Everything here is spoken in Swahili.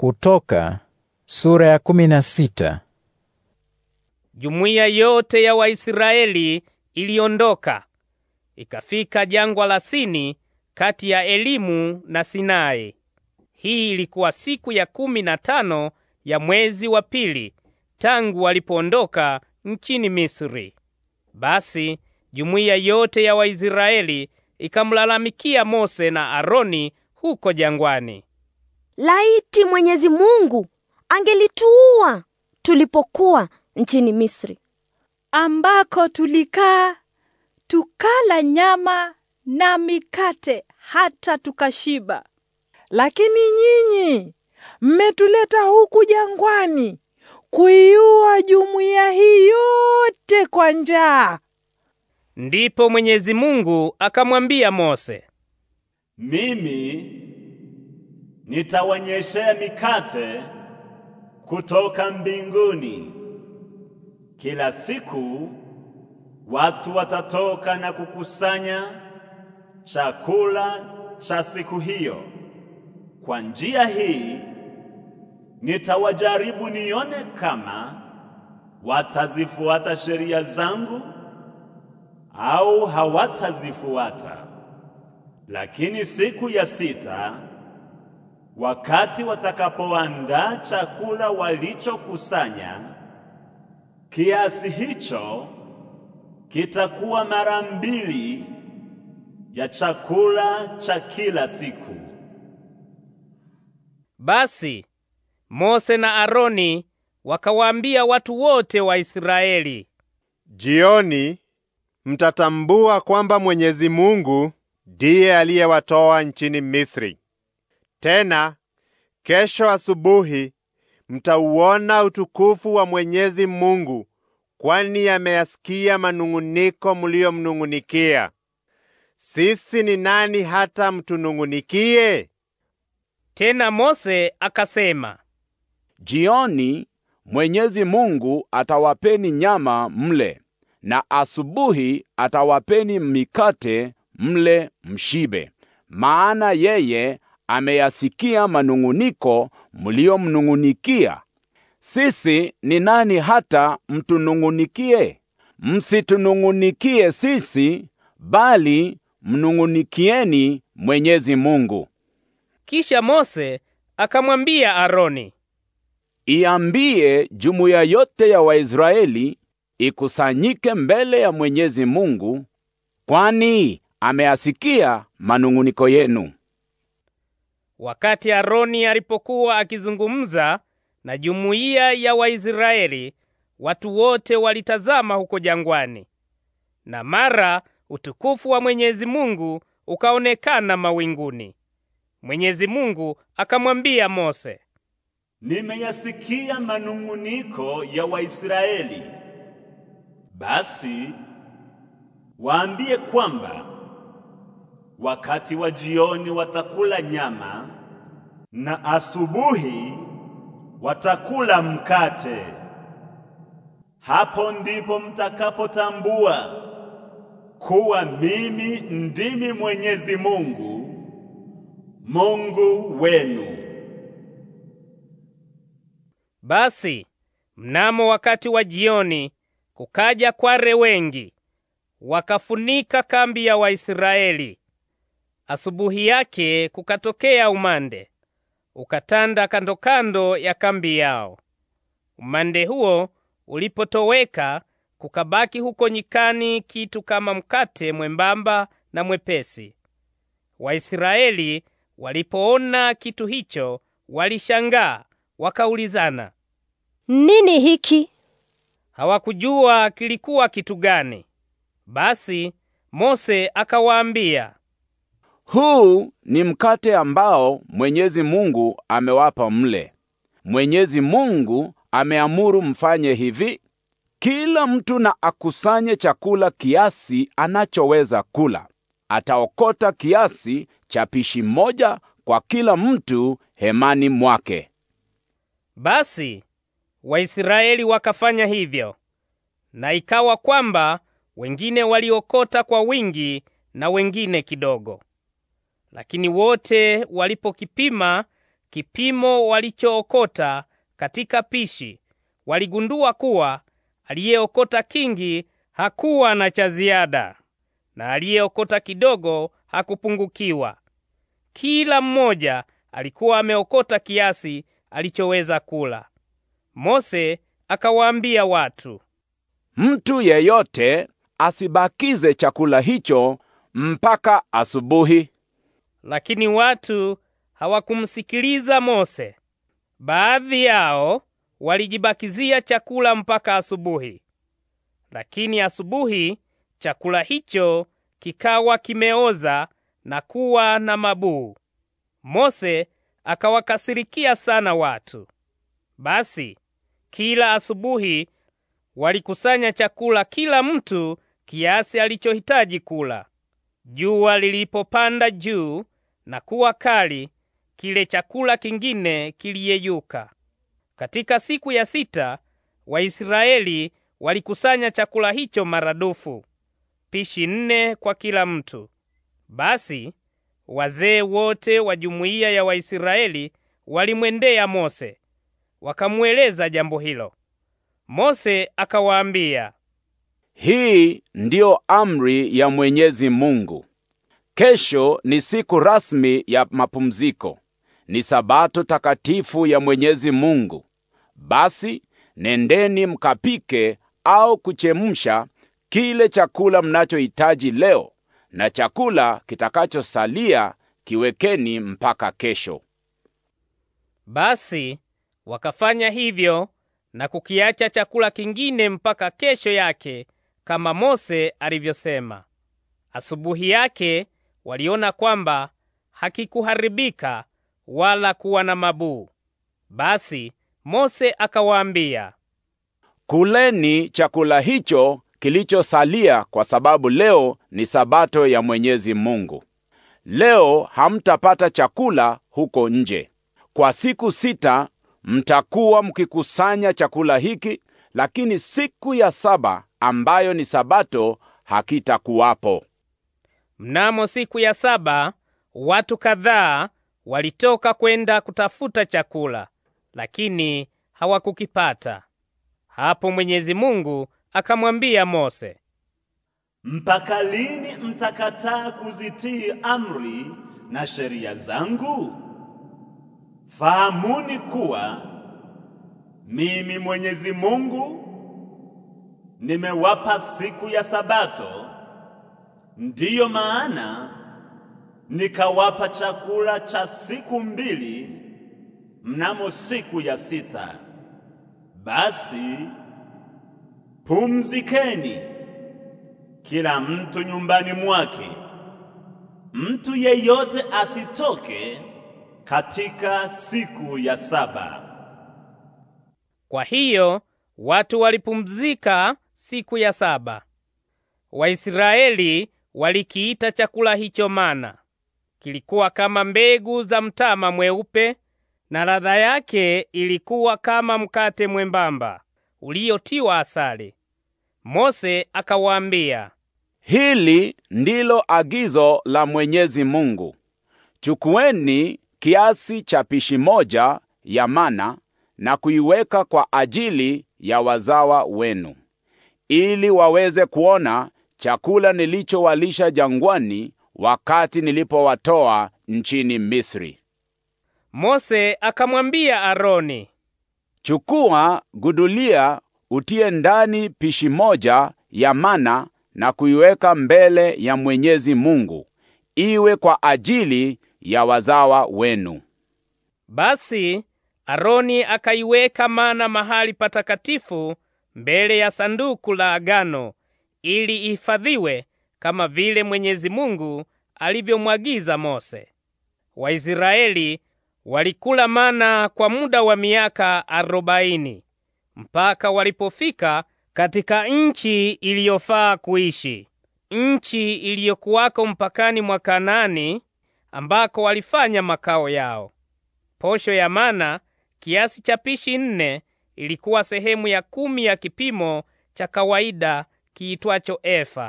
Kutoka sura ya kumi na sita. Jumuiya yote ya Waisraeli iliondoka ikafika jangwa la Sini kati ya Elimu na Sinai. Hii ilikuwa siku ya kumi na tano ya mwezi wa pili tangu walipoondoka nchini Misri. Basi jumuiya yote ya Waisraeli ikamlalamikia Mose na Aroni huko jangwani. Laiti Mwenyezi Mungu angelituua tulipokuwa nchini Misri, ambako tulikaa tukala nyama na mikate hata tukashiba. Lakini nyinyi mmetuleta huku jangwani kuiua jumuiya hii yote kwa njaa. Ndipo Mwenyezi Mungu akamwambia Mose, mimi nitawanyeshea mikate kutoka mbinguni. Kila siku watu watatoka na kukusanya chakula cha siku hiyo. Kwa njia hii nitawajaribu nione kama watazifuata sheria zangu au hawatazifuata. Lakini siku ya sita wakati watakapoandaa chakula walichokusanya, kiasi hicho kitakuwa mara mbili ya chakula cha kila siku. Basi Mose na Aroni wakawaambia watu wote wa Israeli, jioni mtatambua kwamba Mwenyezi Mungu ndiye aliyewatoa nchini Misri. Tena kesho asubuhi mtauona utukufu wa Mwenyezi Mungu, kwani ameyasikia manung'uniko mliyomnung'unikia. Sisi ni nani hata mtunung'unikie? Tena Mose akasema, jioni Mwenyezi Mungu atawapeni nyama mle, na asubuhi atawapeni mikate mle mshibe, maana yeye ameyasikia manung'uniko mliomnung'unikia. Sisi ni nani hata mtunung'unikie? Msitunung'unikie sisi, bali mnung'unikieni Mwenyezi Mungu. Kisha Mose akamwambia Aroni, iambie jumuiya yote ya Waisraeli ikusanyike mbele ya Mwenyezi Mungu, kwani ameyasikia manung'uniko yenu. Wakati Aroni alipokuwa akizungumza na jumuiya ya Waisraeli, watu wote walitazama huko jangwani, na mara utukufu wa Mwenyezi Mungu ukaonekana mawinguni. Mwenyezi Mungu akamwambia Mose, nimeyasikia manung'uniko ya Waisraeli, basi waambie kwamba wakati wa jioni watakula nyama na asubuhi watakula mkate. Hapo ndipo mtakapotambua kuwa mimi ndimi Mwenyezi Mungu, Mungu wenu. Basi mnamo wakati wa jioni kukaja kware wengi wakafunika kambi ya Waisraeli Asubuhi yake kukatokea umande ukatanda kando-kando ya kambi yao. Umande huo ulipotoweka, kukabaki huko nyikani kitu kama mkate mwembamba na mwepesi. Waisraeli walipoona kitu hicho walishangaa, wakaulizana, nini hiki? Hawakujua kilikuwa kitu gani. Basi Mose akawaambia, huu ni mkate ambao Mwenyezi Mungu amewapa mle. Mwenyezi Mungu ameamuru mfanye hivi: kila mtu na akusanye chakula kiasi anachoweza kula. Ataokota kiasi cha pishi moja kwa kila mtu hemani mwake. Basi Waisraeli wakafanya hivyo, na ikawa kwamba wengine waliokota kwa wingi na wengine kidogo. Lakini wote walipokipima kipimo walichookota katika pishi, waligundua kuwa aliyeokota kingi hakuwa na cha ziada, na aliyeokota kidogo hakupungukiwa. Kila mmoja alikuwa ameokota kiasi alichoweza kula. Mose akawaambia watu, mtu yeyote asibakize chakula hicho mpaka asubuhi. Lakini watu hawakumsikiliza Mose. Baadhi yao walijibakizia chakula mpaka asubuhi, lakini asubuhi chakula hicho kikawa kimeoza na kuwa na mabuu. Mose akawakasirikia sana watu. Basi kila asubuhi walikusanya chakula, kila mtu kiasi alichohitaji kula. Jua lilipopanda juu na kuwa kali, kile chakula kingine kiliyeyuka. Katika siku ya sita Waisraeli walikusanya chakula hicho maradufu, pishi nne kwa kila mtu. Basi wazee wote wa jumuiya ya Waisraeli walimwendea Mose wakamweleza jambo hilo. Mose akawaambia, hii ndiyo amri ya Mwenyezi Mungu Kesho ni siku rasmi ya mapumziko, ni sabato takatifu ya Mwenyezi Mungu. Basi nendeni mkapike au kuchemsha kile chakula mnachohitaji leo, na chakula kitakachosalia kiwekeni mpaka kesho. Basi wakafanya hivyo na kukiacha chakula kingine mpaka kesho yake, kama Mose alivyosema. Asubuhi yake waliona kwamba hakikuharibika wala kuwa na mabuu. Basi Mose akawaambia, kuleni chakula hicho kilichosalia, kwa sababu leo ni sabato ya Mwenyezi Mungu. Leo hamtapata chakula huko nje. Kwa siku sita mtakuwa mkikusanya chakula hiki, lakini siku ya saba ambayo ni sabato hakitakuwapo. Mnamo siku ya saba watu kadhaa walitoka kwenda kutafuta chakula, lakini hawakukipata. Hapo Mwenyezi Mungu akamwambia Mose, mpaka lini mtakataa kuzitii amri na sheria zangu? Fahamuni kuwa mimi Mwenyezi Mungu nimewapa siku ya Sabato Ndiyo maana nikawapa chakula cha siku mbili mnamo siku ya sita. Basi pumzikeni kila mtu nyumbani mwake, mtu yeyote asitoke katika siku ya saba. Kwa hiyo watu walipumzika siku ya saba. Waisraeli Walikiita chakula hicho mana. Kilikuwa kama mbegu za mtama mweupe na ladha yake ilikuwa kama mkate mwembamba uliotiwa asali. Mose akawaambia, hili ndilo agizo la Mwenyezi Mungu, chukueni kiasi cha pishi moja ya mana na kuiweka kwa ajili ya wazawa wenu, ili waweze kuona chakula nilichowalisha jangwani wakati nilipowatoa nchini Misri. Mose akamwambia Aroni, chukua gudulia utie ndani pishi moja ya mana na kuiweka mbele ya Mwenyezi Mungu iwe kwa ajili ya wazawa wenu. Basi Aroni akaiweka mana mahali patakatifu mbele ya sanduku la agano ili ihifadhiwe kama vile Mwenyezi Mungu alivyomwagiza Mose. Waisraeli walikula mana kwa muda wa miaka arobaini mpaka walipofika katika nchi iliyofaa kuishi, nchi iliyokuwako mpakani mwa Kanaani ambako walifanya makao yao. Posho ya mana kiasi cha pishi nne ilikuwa sehemu ya kumi ya kipimo cha kawaida kiitwacho Efa.